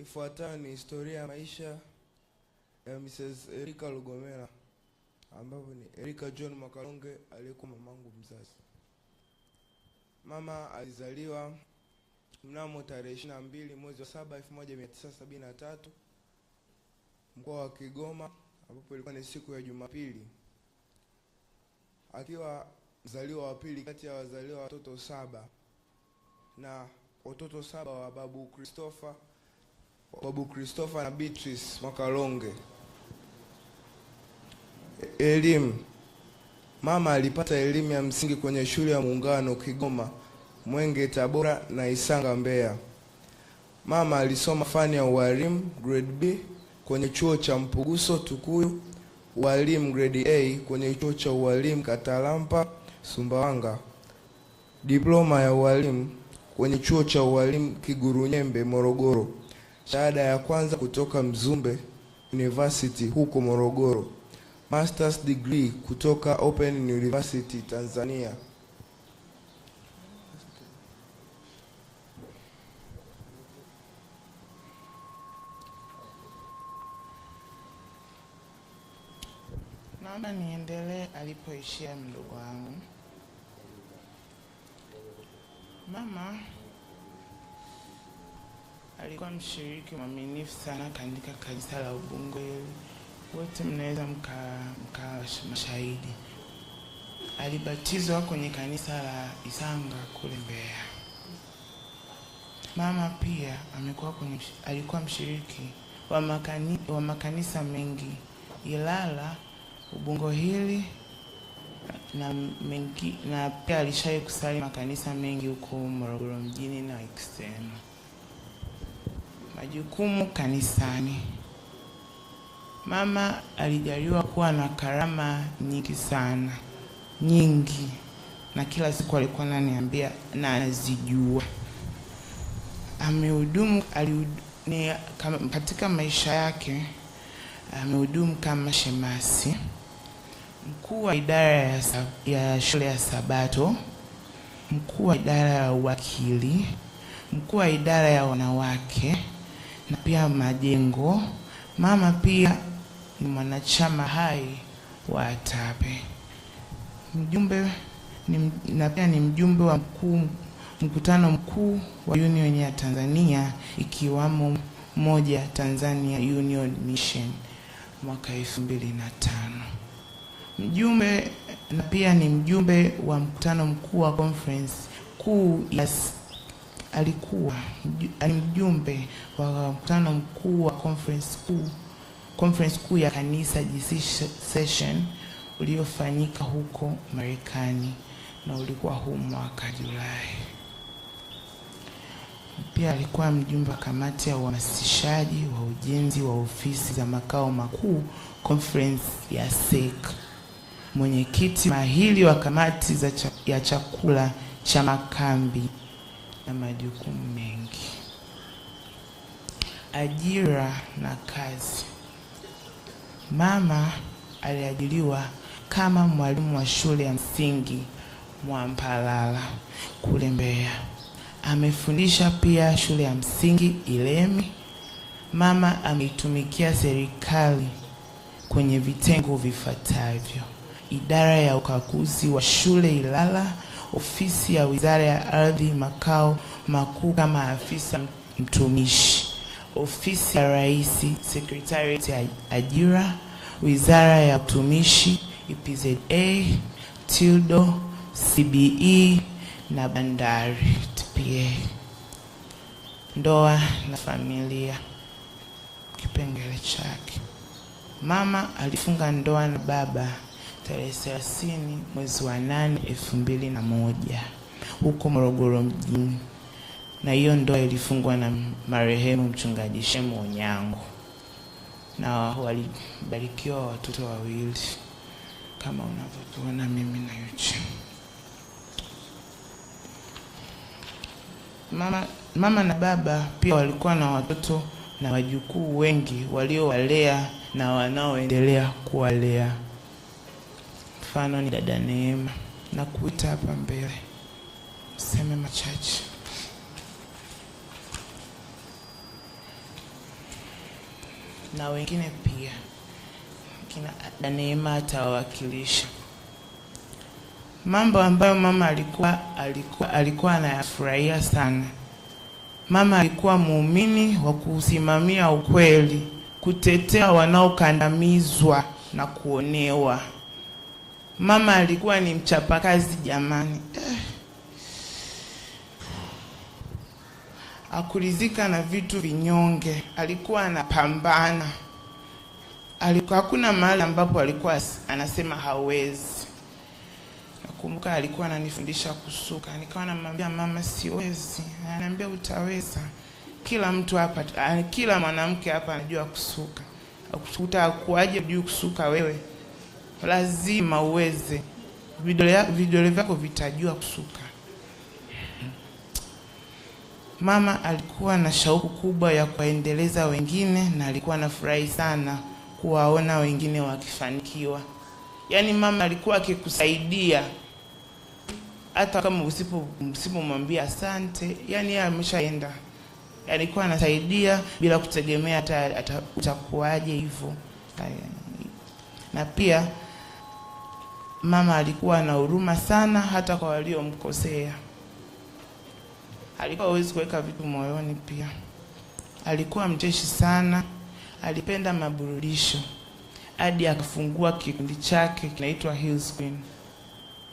Ifuatayo ni historia ya maisha ya Mrs. Erika Lugomela ambapo ni Erika John Makalonge aliyekuwa mamangu mzazi. Mama alizaliwa mnamo tarehe 22 mwezi wa 7 1973 mkoa wa Kigoma ambapo ilikuwa ni siku ya Jumapili, akiwa mzaliwa wa pili kati ya wazaliwa watoto saba na watoto saba wa babu Christopher Babu Christopher na Beatrice Mwakalonge. Elimu. Mama alipata elimu ya msingi kwenye shule ya Muungano Kigoma, Mwenge Tabora na Isanga Mbeya. Mama alisoma fani ya ualimu grade B kwenye chuo cha Mpuguso Tukuyu, ualimu grade A kwenye chuo cha ualimu Katalampa Sumbawanga, diploma ya ualimu kwenye chuo cha ualimu Kigurunyembe Morogoro shahada ya kwanza kutoka Mzumbe University huko Morogoro, masters degree kutoka Open University Tanzania. Naona niendelee alipoishia mdogo wangu mama. Alikuwa mshiriki mwaminifu sana katika kanisa la Ubungo hili, wote mnaweza mkawa mashahidi. Alibatizwa kwenye kanisa la Isanga kule Mbeya. Mama pia amekuwa kwenye, alikuwa mshiriki wa, makani, wa makanisa mengi Ilala, Ubungo hili na, mengi, na pia alishawahi kusali makanisa mengi huko Morogoro mjini na Ikisema. Majukumu kanisani. Mama alijaliwa kuwa na karama nyingi sana, nyingi, na kila siku alikuwa ananiambia na anazijua. Amehudumu katika maisha yake, amehudumu kama shemasi, mkuu wa idara ya, ya shule ya Sabato, mkuu wa idara ya uwakili, mkuu wa idara ya wanawake na pia majengo. Mama pia ni mwanachama hai wa tape mjumbe ni, na pia ni mjumbe wa mkuu mkutano mkuu wa Union ya Tanzania ikiwamo moja Tanzania Union Mission mwaka 2005. Mjumbe na pia ni mjumbe wa mkutano mkuu wa conference kuu ya yes alikuwa ni mjumbe wa mkutano mkuu wa conference kuu conference kuu ya kanisa GC session uliofanyika huko Marekani na ulikuwa huu mwaka Julai. Pia alikuwa mjumbe wa kamati ya uhamasishaji wa ujenzi wa ofisi za makao makuu conference ya SEC, mwenyekiti mahili wa kamati za cha, ya chakula cha makambi na majukumu mengi. Ajira na kazi. Mama aliajiriwa kama mwalimu wa shule ya msingi Mwampalala kule Mbeya. Amefundisha pia shule ya msingi Ilemi. Mama ameitumikia serikali kwenye vitengo vifuatavyo: idara ya ukaguzi wa shule Ilala ofisi ya Wizara ya Ardhi makao makuu kama afisa mtumishi, ofisi ya Rais, Sekretarieti ya Ajira, Wizara ya Utumishi, EPZA, TILDO, CBE na Bandari TPA. Ndoa na familia, kipengele chake. Mama alifunga ndoa na baba tarehe 30 mwezi wa 8 elfu mbili na moja huko Morogoro mjini, na hiyo ndoa ilifungwa na marehemu mchungaji Shemu Onyango na walibarikiwa watoto wawili kama unavyotuona mimi na Yuchi. Mama, mama na baba pia walikuwa na watoto na wajukuu wengi waliowalea na wanaoendelea kuwalea. Mfano ni dada Neema, nakuita hapa mbele seme machache. na wengine pia kina Neema atawawakilisha mambo ambayo mama alikuwa, alikuwa, alikuwa anayafurahia sana. Mama alikuwa muumini wa kusimamia ukweli, kutetea wanaokandamizwa na kuonewa. Mama alikuwa ni mchapakazi jamani, eh. Akurizika na vitu vinyonge, alikuwa anapambana, alikuwa hakuna mahali ambapo alikuwa anasema hawezi. Nakumbuka alikuwa ananifundisha kusuka, nikawa namwambia mama, siwezi. Ananiambia utaweza, kila mtu hapa, eh, kila mwanamke hapa anajua kusuka, utakuwaje juu kusuka wewe? lazima uweze, vidole, vidole vyako vitajua kusuka. Mama alikuwa na shauku kubwa ya kuwaendeleza wengine na alikuwa anafurahi sana kuwaona wengine wakifanikiwa. Yaani mama alikuwa akikusaidia hata kama usipo usipomwambia asante, yani yeye ameshaenda, alikuwa anasaidia bila kutegemea hata utakuwaje hivyo. Na pia Mama alikuwa na huruma sana hata kwa waliomkosea. Alikuwa hawezi kuweka vitu moyoni pia. Alikuwa mcheshi sana, alipenda maburudisho hadi akafungua kikundi chake kinaitwa Hills Queen.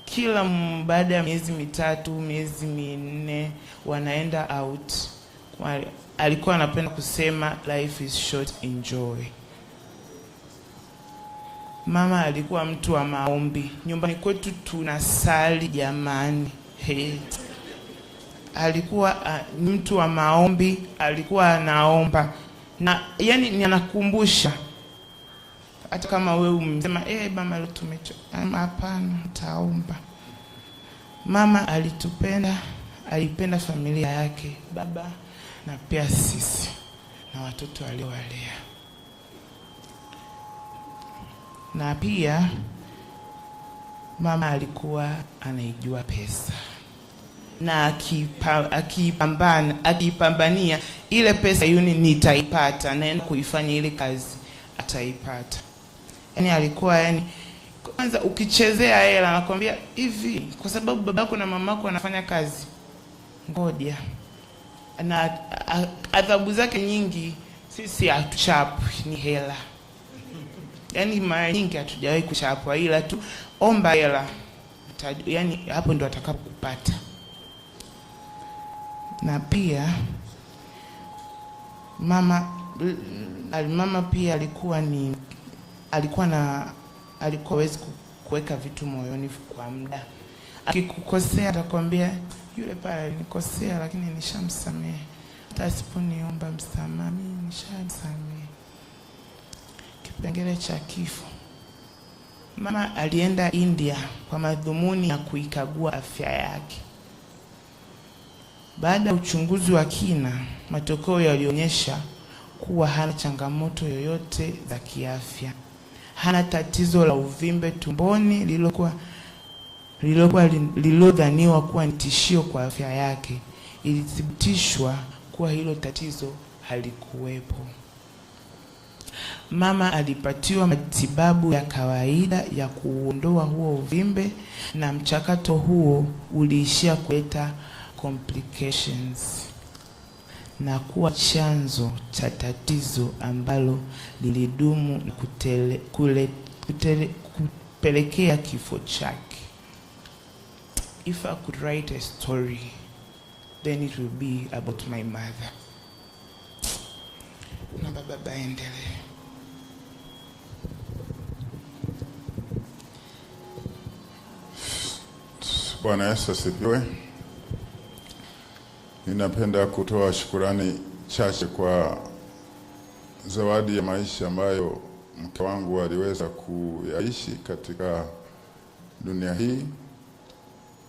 Kila baada ya miezi mitatu, miezi minne wanaenda out. Alikuwa anapenda kusema life is short, enjoy. Mama alikuwa mtu wa maombi. Nyumbani kwetu tuna sali jamani. Hey. Alikuwa uh, mtu wa maombi, alikuwa anaomba na yani ni anakumbusha hata kama wewe umsema eh, mama leo tumechoka, hapana, taomba. Mama alitupenda, alipenda familia yake, baba na pia sisi na watoto aliowalea. na pia mama alikuwa anaijua pesa na akipambana akipambania ile pesa yuni nitaipata, naenda kuifanya ile kazi ataipata. Yani alikuwa yani, kwanza ukichezea hela anakwambia hivi, kwa sababu babako na mamako wanafanya kazi, ngoja. Na adhabu zake nyingi, sisi hatuchapwi ni hela yani mara nyingi hatujawahi kushapwa, ila tu omba hela, yani hapo ndo atakapokupata. Na pia mama mama pia alikuwa ni alikuwa na alikuwa hawezi kuweka vitu moyoni kwa muda. Akikukosea atakwambia yule pale alinikosea, lakini nishamsamehe. Hata asiponiomba msamaha, mimi nishamsamehe. Kipengele cha kifo. Mama alienda India kwa madhumuni ya kuikagua afya yake. Baada ya uchunguzi wa kina, matokeo yalionyesha kuwa hana changamoto yoyote za kiafya. Hana tatizo la uvimbe tumboni lililokuwa lililokuwa lililodhaniwa kuwa ni tishio kwa afya yake. Ilithibitishwa kuwa hilo tatizo halikuwepo. Mama alipatiwa matibabu ya kawaida ya kuondoa huo uvimbe, na mchakato huo uliishia kuleta complications na kuwa chanzo cha tatizo ambalo lilidumu na kutele, kule, kutele, kupelekea kifo chake. If I could write a story then it will be about my mother. Na baba endelee. Bwana Yesu asifiwe. Ninapenda kutoa shukurani chache kwa zawadi ya maisha ambayo mke wangu aliweza kuyaishi katika dunia hii.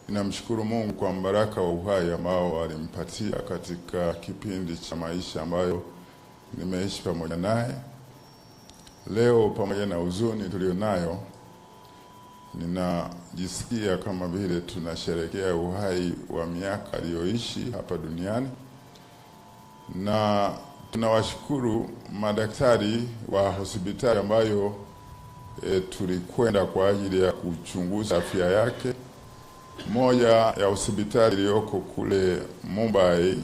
Ninamshukuru Mungu kwa mbaraka wa uhai ambao alimpatia katika kipindi cha maisha ambayo nimeishi pamoja naye. Leo pamoja na huzuni tulionayo ninajisikia kama vile tunasherekea uhai wa miaka aliyoishi hapa duniani, na tunawashukuru madaktari wa hospitali ambayo e, tulikwenda kwa ajili ya kuchunguza afya yake. Moja ya hospitali iliyoko kule Mumbai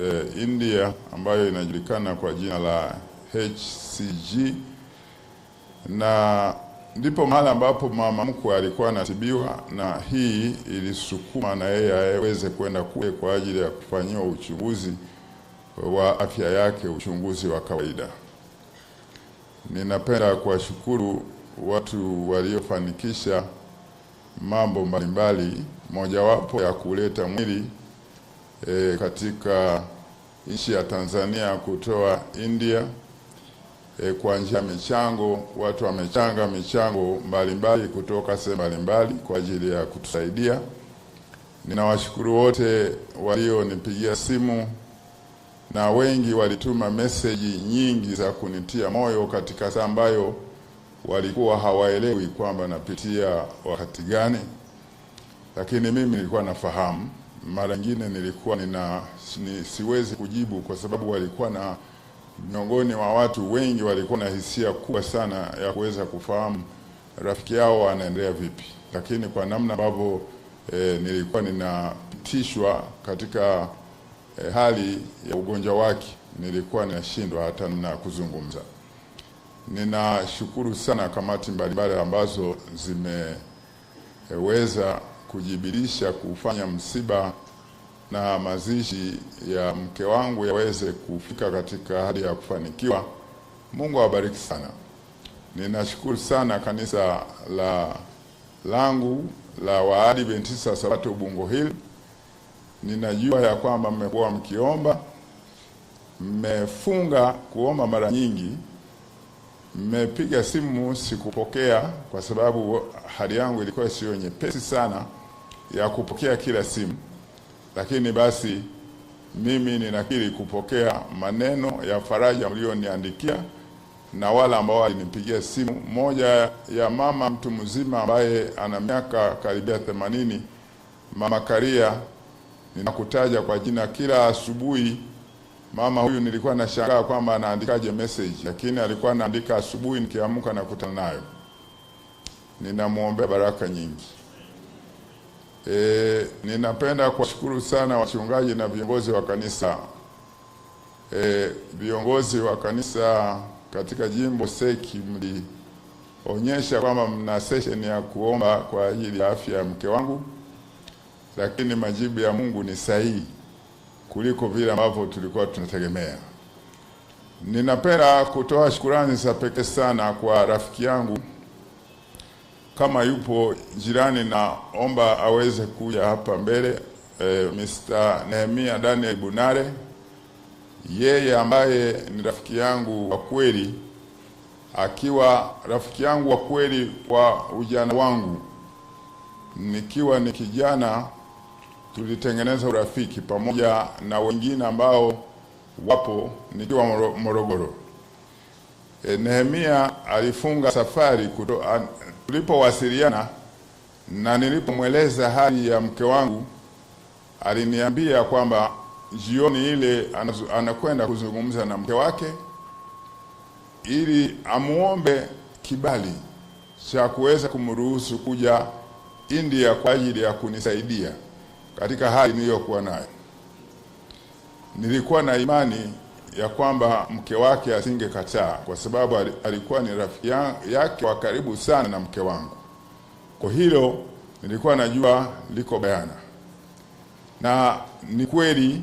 e, India ambayo inajulikana kwa jina la HCG na ndipo mahali ambapo mama mkwe alikuwa anatibiwa, na hii ilisukuma na yeye aweze kwenda kule kwa ajili ya kufanyiwa uchunguzi wa afya yake, uchunguzi wa kawaida. Ninapenda kuwashukuru watu waliofanikisha mambo mbalimbali, mojawapo ya kuleta mwili e, katika nchi ya Tanzania kutoa India e, njia michango, watu wamechanga michango mbalimbali kutoka sehemu mbalimbali kwa ajili ya kutusaidia. Ninawashukuru wote walionipigia simu na wengi walituma meseji nyingi za kunitia moyo katika saa ambayo walikuwa hawaelewi kwamba napitia wakati gani, lakini mimi nilikuwa nafahamu. Mara nyingine nilikuwa nina, siwezi kujibu kwa sababu walikuwa na miongoni mwa watu wengi walikuwa na hisia kubwa sana ya kuweza kufahamu rafiki yao anaendelea vipi, lakini kwa namna ambavyo e, nilikuwa ninapitishwa katika e, hali ya ugonjwa wake nilikuwa ninashindwa hata na kuzungumza. Ninashukuru sana kamati mbalimbali ambazo zimeweza kujibilisha kufanya msiba na mazishi ya mke wangu yaweze kufika katika hali ya kufanikiwa. Mungu awabariki sana. Ninashukuru sana kanisa la langu la Waadventista Sabato Ubungo Hill. Ninajua ya kwamba mmekuwa mkiomba, mmefunga kuomba mara nyingi, mmepiga simu sikupokea, kwa sababu hali yangu ilikuwa siyo nyepesi sana ya kupokea kila simu. Lakini basi mimi ninakiri kupokea maneno ya faraja mlioniandikia na wale ambao walinipigia simu. Moja ya mama mtu mzima ambaye ana miaka karibia themanini, Mama Karia, ninakutaja kwa jina kila asubuhi. Mama huyu nilikuwa nashangaa kwamba anaandikaje message, lakini alikuwa anaandika asubuhi, nikiamka nakutana nayo. Ninamwombea baraka nyingi. E, ninapenda kuwashukuru sana wachungaji na viongozi wa kanisa e, viongozi wa kanisa katika jimbo Seki, mlionyesha kwamba mna sesheni ya kuomba kwa ajili ya afya ya mke wangu, lakini majibu ya Mungu ni sahihi kuliko vile ambavyo tulikuwa tunategemea. Ninapenda kutoa shukurani za pekee sana kwa rafiki yangu kama yupo jirani, naomba aweze kuja hapa mbele e, eh, Mr. Nehemia Daniel Bunare, yeye ambaye ni rafiki yangu wa kweli, akiwa rafiki yangu wa kweli kwa ujana wangu, nikiwa ni kijana tulitengeneza urafiki pamoja na wengine ambao wapo nikiwa Morogoro. E, Nehemia alifunga safari kuto, an, Tulipowasiliana na nilipomweleza hali ya mke wangu, aliniambia kwamba jioni ile anakwenda kuzungumza na mke wake ili amuombe kibali cha kuweza kumruhusu kuja India kwa ajili ya kunisaidia katika hali niliyokuwa nayo. Nilikuwa na imani ya kwamba mke wake asingekataa kwa sababu alikuwa ni rafiki yake wa karibu sana na mke wangu. Kwa hilo nilikuwa najua liko bayana, na ni kweli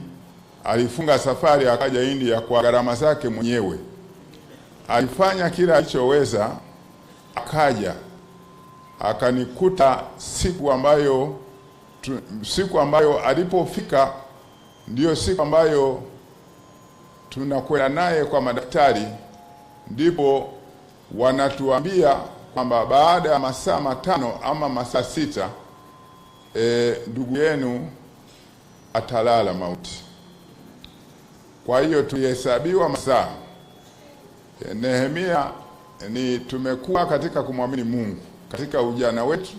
alifunga safari akaja India kwa gharama zake mwenyewe. Alifanya kila alichoweza, akaja akanikuta siku ambayo siku ambayo alipofika ndiyo siku ambayo tunakwenda naye kwa madaktari, ndipo wanatuambia kwamba baada ya masaa matano ama masaa sita e, ndugu yenu atalala mauti. Kwa hiyo tulihesabiwa masaa e, Nehemia ni tumekuwa katika kumwamini Mungu katika ujana wetu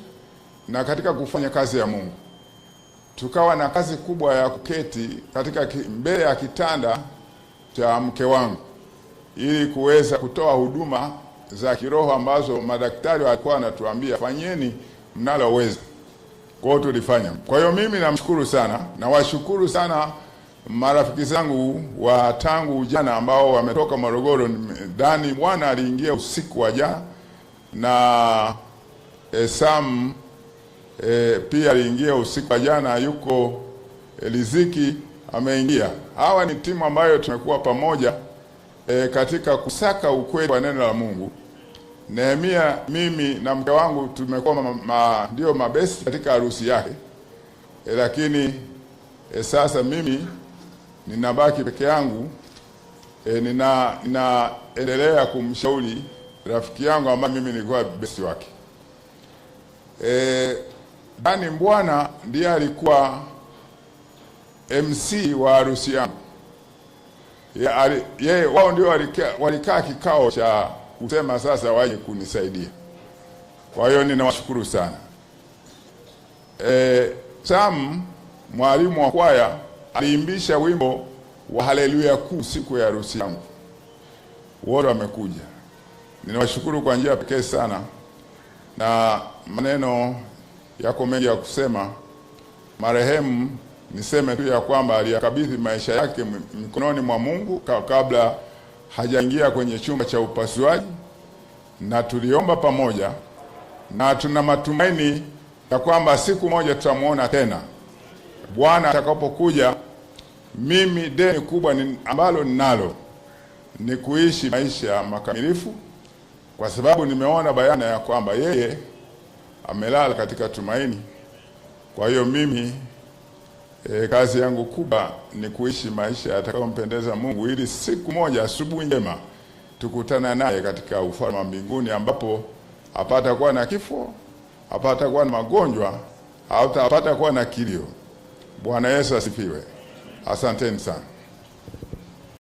na katika kufanya kazi ya Mungu, tukawa na kazi kubwa ya kuketi katika mbele ya kitanda cha mke wangu ili kuweza kutoa huduma za kiroho ambazo madaktari walikuwa wanatuambia fanyeni mnaloweza. Kwa hiyo tulifanya. Kwa hiyo mimi namshukuru sana, nawashukuru sana marafiki zangu wa tangu jana ambao wametoka Morogoro. Dani bwana aliingia usiku wa jana na e, Sam e, pia aliingia usiku wa jana, yuko e, Liziki ameingia. Hawa ni timu ambayo tumekuwa pamoja e, katika kusaka ukweli wa neno la Mungu. Nehemia, mimi na mke wangu tumekuwa ma, ma, ndio mabesi katika harusi yake e, lakini e, sasa mimi ninabaki peke yangu e, nina ninaendelea kumshauri rafiki yangu ambaye mimi nilikuwa besi wake e, Dani Mbwana ndiye alikuwa MC wa harusi yangu. Yeye wao ndio walikaa kikao cha kusema sasa waje kunisaidia. Kwa hiyo ninawashukuru sana. E, Sam mwalimu wa kwaya aliimbisha wimbo wa haleluya kuu siku ya harusi yangu, wote wamekuja. Ninawashukuru kwa njia pekee sana, na maneno yako mengi ya kusema. Marehemu Niseme tu ya kwamba aliyakabidhi maisha yake mikononi mwa Mungu kabla hajaingia kwenye chumba cha upasuaji, na tuliomba pamoja, na tuna matumaini ya kwamba siku moja tutamwona tena Bwana atakapokuja. Mimi deni kubwa ni ambalo ninalo ni kuishi maisha makamilifu, kwa sababu nimeona bayana ya kwamba yeye amelala katika tumaini. Kwa hiyo mimi E, kazi yangu kubwa ni kuishi maisha yatakayompendeza Mungu ili siku moja asubuhi njema tukutana naye katika ufalme wa mbinguni ambapo hapata kuwa na kifo, hapata kuwa na magonjwa, hapata kuwa na kilio. Bwana Yesu asifiwe. Asanteni sana.